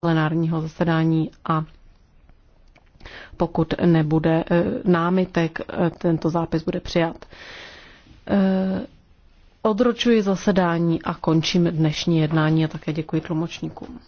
plenárního zasedání a pokud nebude eh, námitek, eh, tento zápis bude přijat. Eh, odročuji zasedání a končím dnešní jednání a také děkuji tlumočníkům.